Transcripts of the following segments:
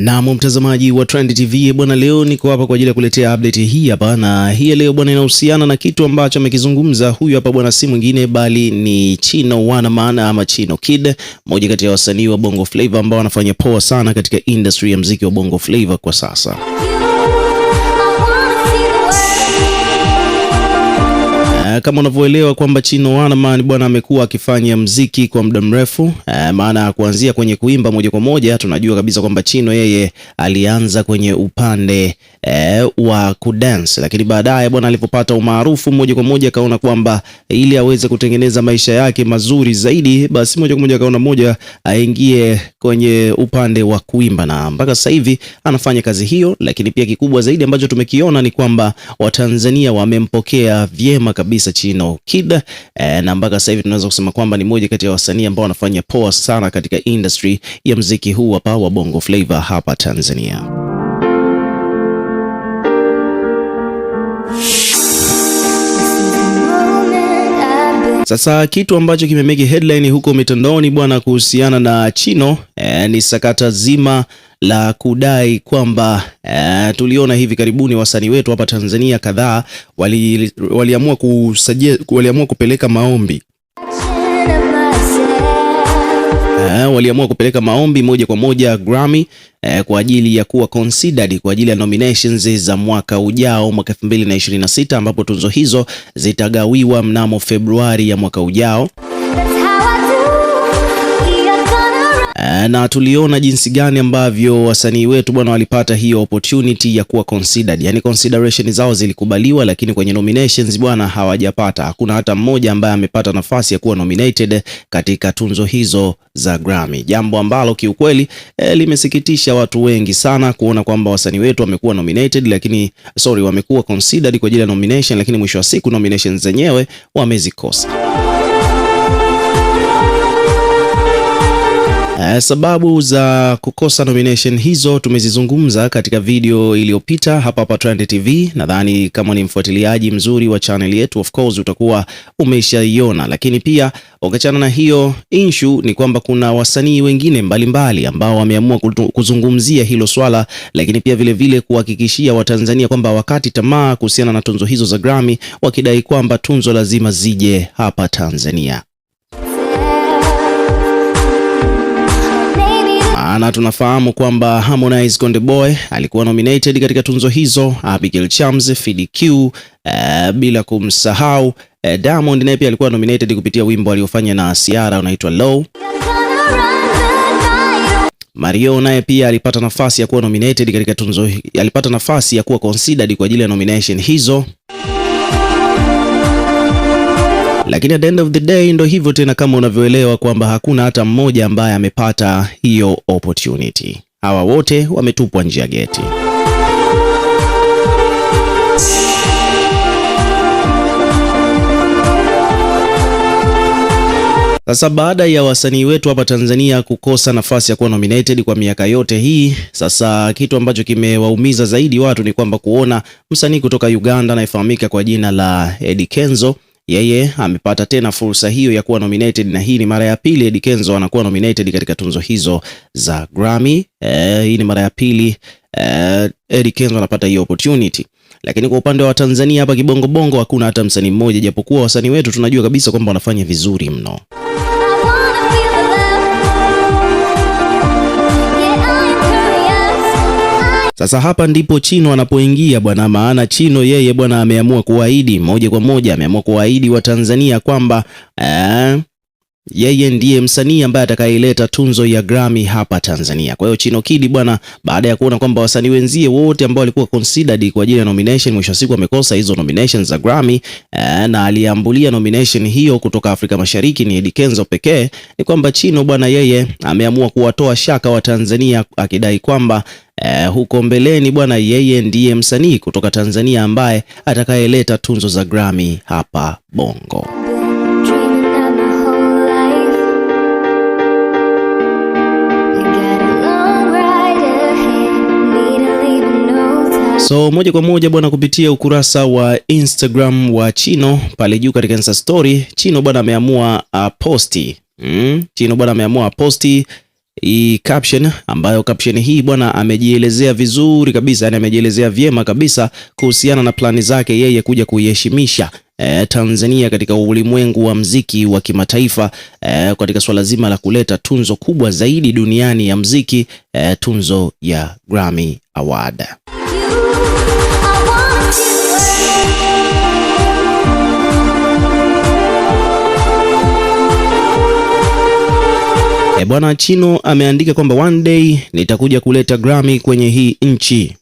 Naam, mtazamaji wa Trend TV bwana, leo niko hapa kwa ajili ya kuletea update hii hapa, na hii leo bwana inahusiana na kitu ambacho amekizungumza huyu hapa bwana, si mwingine bali ni Chino Wana maana ama Chino Kid, mmoja kati ya wasanii wa Bongo Flava ambao wanafanya poa sana katika industry ya mziki wa Bongo Flava kwa sasa. Eh, kama unavyoelewa kwamba Chino Wanaman bwana amekuwa akifanya mziki kwa muda mrefu, eh, maana kuanzia kwenye kuimba moja kwa moja tunajua kabisa kwamba Chino yeye alianza kwenye upande e, wa kudance, lakini baadaye bwana alipopata umaarufu moja kwa moja akaona kwamba ili aweze kutengeneza maisha yake mazuri zaidi, basi moja kwa moja akaona moja aingie kwenye upande wa kuimba, na mpaka sasa hivi anafanya kazi hiyo. Lakini pia kikubwa zaidi ambacho tumekiona ni kwamba Watanzania wamempokea vyema kabisa na Kid e, na mpaka sasa hivi tunaweza kusema kwamba ni moja kati ya wasanii ambao wanafanya poa sana katika industry ya mziki huu hapa wa Bongo Flava hapa Tanzania. Sasa kitu ambacho kimemeki headline huko mitandaoni bwana, kuhusiana na Chino e, ni sakata zima la kudai kwamba e, tuliona hivi karibuni wasanii wetu hapa Tanzania kadhaa waliamua wali waliamua kupeleka maombi uh, waliamua kupeleka maombi moja kwa moja Grammy uh, kwa ajili ya kuwa considered kwa ajili ya nominations za mwaka ujao mwaka 2026 ambapo tunzo hizo zitagawiwa mnamo Februari ya mwaka ujao. Eh, na tuliona jinsi gani ambavyo wasanii wetu bwana walipata hiyo opportunity ya kuwa considered, yani consideration zao zilikubaliwa, lakini kwenye nominations bwana hawajapata. Hakuna hata mmoja ambaye amepata nafasi ya kuwa nominated katika tunzo hizo za Grammy, jambo ambalo kiukweli eh, limesikitisha watu wengi sana kuona kwamba wasanii wetu wamekuwa nominated lakini sorry, wamekuwa considered kwa ajili ya nomination, lakini mwisho wa siku nominations zenyewe wamezikosa. Uh, sababu za kukosa nomination hizo tumezizungumza katika video iliyopita hapa hapa Trend TV. Nadhani kama ni mfuatiliaji mzuri wa channel yetu, of course utakuwa umeshaiona, lakini pia ukachana na hiyo issue, ni kwamba kuna wasanii wengine mbalimbali mbali ambao wameamua kuzungumzia hilo swala, lakini pia vilevile kuhakikishia Watanzania kwamba wakati tamaa kuhusiana na tunzo hizo za Grammy, wakidai kwamba tunzo lazima zije hapa Tanzania. maana tunafahamu kwamba Harmonize Konde Boy alikuwa nominated katika tunzo hizo, Abigail Chams, Fid Q, uh, bila kumsahau uh, Diamond naye pia alikuwa nominated kupitia wimbo aliofanya na Ciara unaitwa Low. Mario naye pia alipata nafasi ya kuwa nominated katika tunzo, alipata nafasi ya kuwa considered kwa ajili ya nomination hizo. Lakini at the end of the day ndo hivyo tena, kama unavyoelewa kwamba hakuna hata mmoja ambaye amepata hiyo opportunity. Hawa wote wametupwa nje ya geti. Sasa baada ya wasanii wetu hapa Tanzania kukosa nafasi ya kuwa nominated kwa miaka yote hii, sasa kitu ambacho kimewaumiza zaidi watu ni kwamba kuona msanii kutoka Uganda anayefahamika kwa jina la Eddy Kenzo yeye amepata tena fursa hiyo ya kuwa nominated, na hii ni mara ya pili Eddie Kenzo anakuwa nominated katika tunzo hizo za Grammy. Eh, hii ni mara ya pili eh, Eddie Kenzo anapata hiyo opportunity lakini kwa upande wa Tanzania hapa kibongobongo hakuna hata msanii mmoja, japokuwa wasanii wetu tunajua kabisa kwamba wanafanya vizuri mno. Sasa hapa ndipo Chino anapoingia bwana, maana Chino yeye bwana ameamua kuahidi moja kwa moja, ameamua kuahidi Watanzania kwamba eh, yeye ndiye msanii ambaye atakayeleta tunzo ya Grammy hapa Tanzania. Kwa hiyo Chino Kid bwana, baada ya kuona kwamba wasanii wenzie wote ambao walikuwa considered kwa ajili ya nomination mwisho siku amekosa hizo nominations za Grammy eh, na aliambulia nomination hiyo kutoka Afrika Mashariki ni Eddy Kenzo pekee, ni kwamba Chino bwana, yeye ameamua kuwatoa shaka wa Tanzania akidai kwamba Uh, huko mbeleni bwana, yeye ndiye msanii kutoka Tanzania ambaye atakayeleta tunzo za Grammy hapa Bongo. So moja kwa moja bwana, kupitia ukurasa wa Instagram wa Chino pale juu katika Insta story, Chino bwana ameamua uh, posti mm, Chino bwana ameamua posti hii caption ambayo caption hii bwana amejielezea vizuri kabisa, yani amejielezea vyema kabisa kuhusiana na plani zake yeye kuja kuiheshimisha eh, Tanzania katika ulimwengu wa mziki wa kimataifa eh, katika swala zima la kuleta tunzo kubwa zaidi duniani ya mziki eh, tunzo ya Grammy Award. Bwana Chino ameandika kwamba one day nitakuja kuleta Grammy kwenye hii nchi,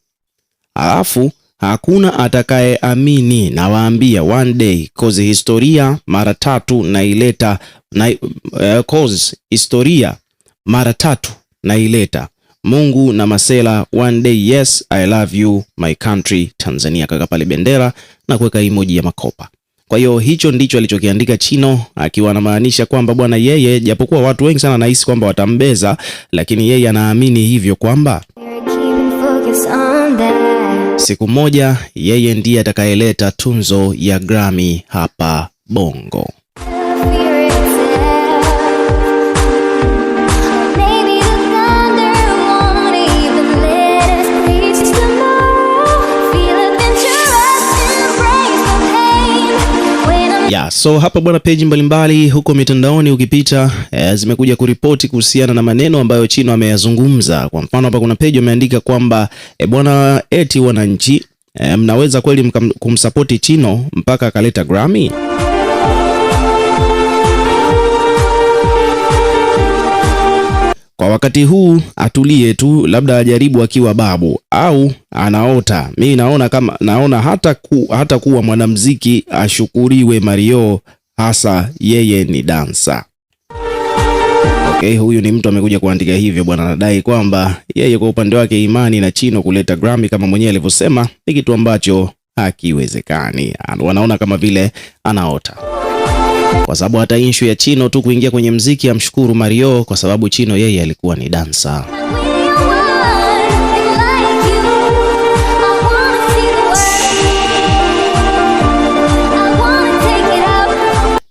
alafu hakuna atakayeamini. Nawaambia one day cause historia mara tatu naileta na, uh, cause historia mara tatu naileta. Mungu na Masela, one day. Yes I love you my country Tanzania. Kaka pale bendera na kuweka emoji ya makopa. Kwa hiyo hicho ndicho alichokiandika Chino, akiwa anamaanisha kwamba bwana, yeye japokuwa watu wengi sana anahisi kwamba watambeza, lakini yeye anaamini hivyo kwamba siku moja yeye ndiye atakayeleta tunzo ya Grammy hapa Bongo. Yeah, so hapa bwana, peji mbalimbali huko mitandaoni ukipita eh, zimekuja kuripoti kuhusiana na maneno ambayo Chino ameyazungumza. Kwa mfano hapa kuna peji wameandika kwamba e, bwana eti wananchi eh, mnaweza kweli kumsapoti Chino mpaka akaleta Grammy? Kwa wakati huu atulie tu, labda ajaribu akiwa babu au anaota. Mi naona kama naona hata, ku, hata kuwa mwanamuziki ashukuriwe Mario, hasa yeye ni dansa. Okay, huyu ni mtu amekuja kuandika hivyo bwana, anadai kwamba yeye kwa upande wake imani na Chino kuleta Grammy kama mwenyewe alivyosema ni kitu ambacho hakiwezekani. Wanaona kama vile anaota kwa sababu hata issue ya Chino tu kuingia kwenye mziki, amshukuru Mario kwa sababu Chino yeye alikuwa ni dansa.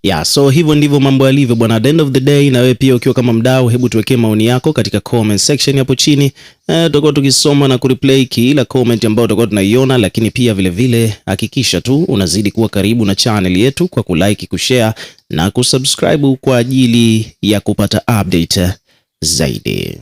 yeah, so hivyo ndivyo mambo yalivyo bwana, at the end of the day. Na wewe pia ukiwa kama mdau, hebu tuwekee maoni yako katika comment section hapo chini eh, tutakuwa tukisoma na kureplay kila comment ambayo tutakuwa tunaiona, lakini pia vilevile hakikisha tu unazidi kuwa karibu na channel yetu kwa kulike, kushare na kusubscribe kwa ajili ya kupata update zaidi.